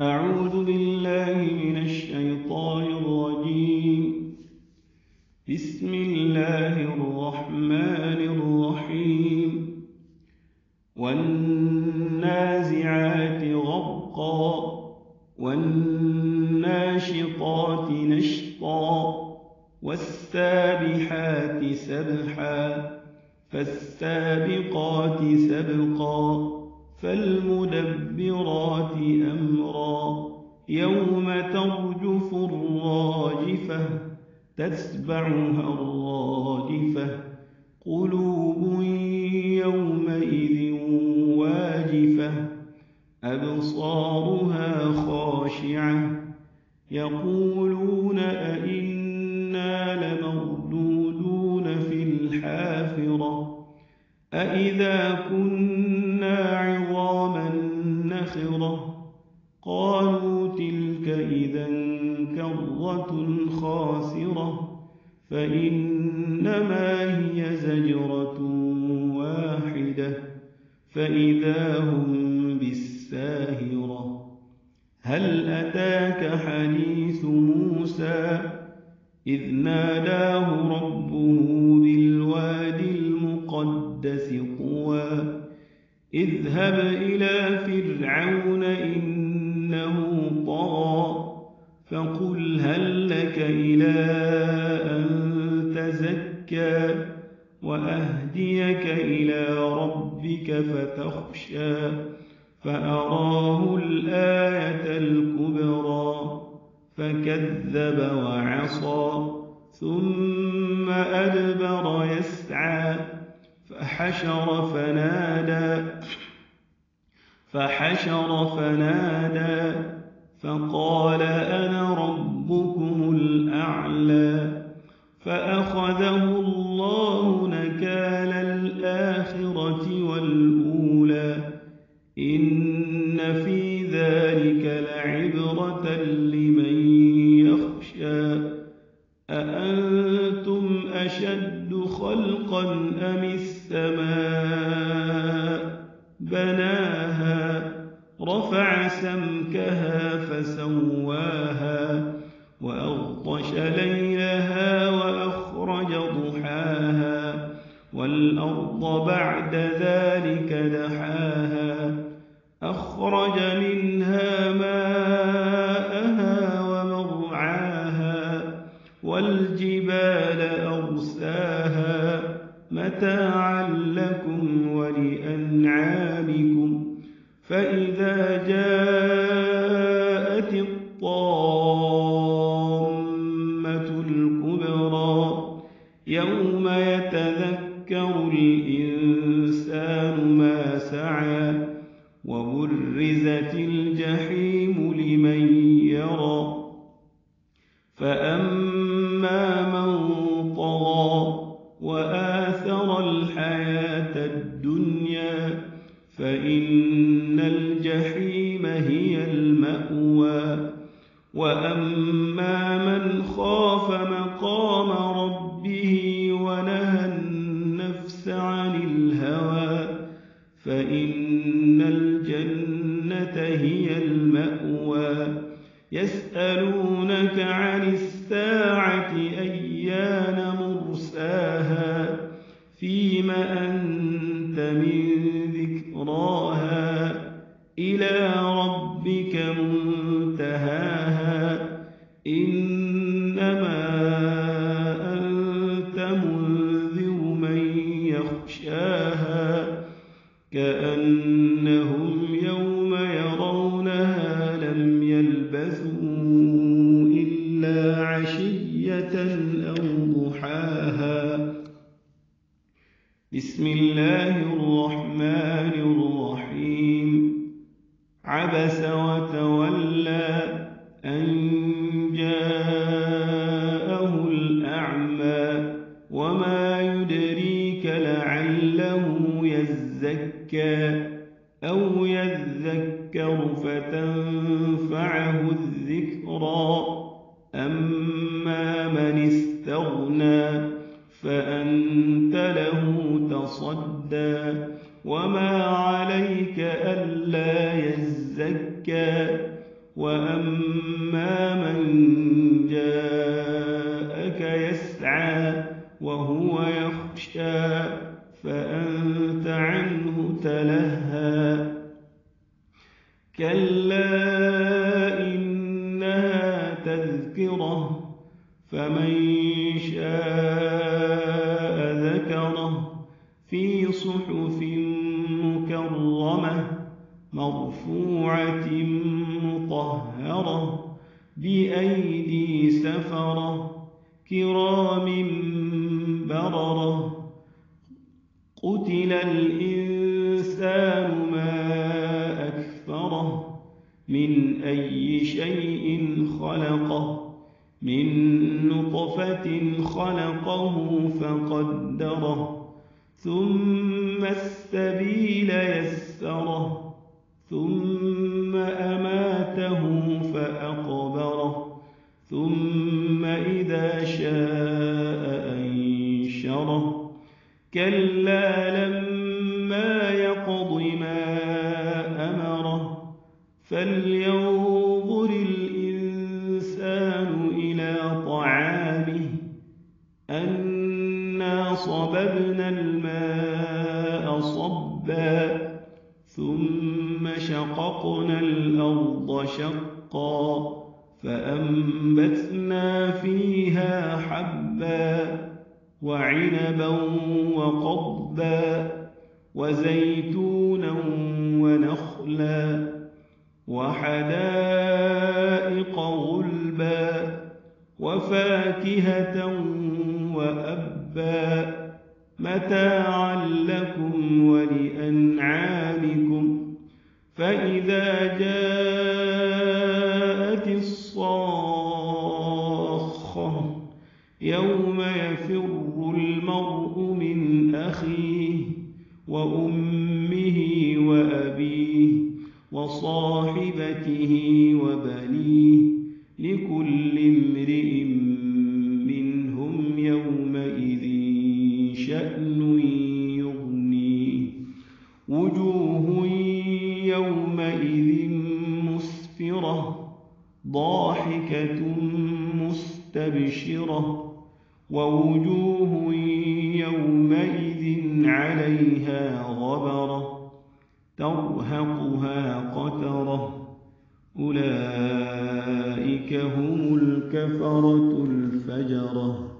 أعوذ بالله من الشيطان الرجيم بسم الله الرحمن الرحيم والنازعات غرقا والناشطات نشطا والسابحات سبحا فالسابقات سبقا فالمدبرات تتبعها الرادفة قلوب يومئذ واجفة أبصارها خاشعة يقولون أئنا لمردودون في الحافرة أئذا كنا عظاما نخرة قالوا تلك إذا كرة خاسرة فإنما هي زجرة واحدة فإذا هم بالساهرة هل أتاك حديث موسى إذ ناداه ربه بالوادي المقدس طوى اذهب إلى فرعون إن فقل هل لك إلى أن تزكى وأهديك إلى ربك فتخشى فأراه الآية الكبرى فكذب وعصى ثم أدبر يسعى فحشر فنادى فحشر فنادى فقال أنا ربكم الأعلى فأخذه الله نكال الآخرة والأولى إن في ذلك لعبرة لي سمكها فسواها وأغطش ليلها وأخرج ضحاها والأرض بعد ذلك دحاها أخرج منها ماءها ومرعاها والجبال أرساها متاعا لكم ولأنعامكم فإن الجحيم لمن يرى فأما من طغى وآثر الحياة الدنيا فإن الجحيم هي المأوى وأما من خاف من هي المأوى يسألونك عن الساعة أيان مرساها فيم أنت من ذكراها إلى ربك مرساها بسم الله الرحمن الرحيم عبس وتولى أن جاءه الأعمى وما يدريك لعله يزكى أو يذكر فتنفعه الذكرى أما وصدا وما عليك ألا يزكى وأما من جاءك يسعى وهو يخشى فأنت عنه تلهى كلا إنها تذكرة فمن شاء في صحف مكرمة مرفوعة مطهرة بأيدي سفرة كرام بررة قتل الإنسان ما أكفره من أي شيء خلقه من نطفة خلقه فقدره ثم السبيل يسره ثم أماته فأقبره ثم إذا شاء أنشره كلا لما يقض ما أمره فلينظر صببنا الماء صبا ثم شققنا الأرض شقا فأنبتنا فيها حبا وعنبا وقضبا وزيتونا ونخلا وحدائق غلبا وفاكهة وأبا حبا متاعا لكم ولأنعامكم فإذا جاءت الصاخة يوم يفر المرء من أخيه وأمه وأبيه وصاحبته وبنيه لكل امرئ يومئذ شأن يغنيه وجوه يومئذ مسفرة ضاحكة مستبشرة ووجوه يومئذ عليها غبرة ترهقها قترة أولئك هم الكفرة الفجرة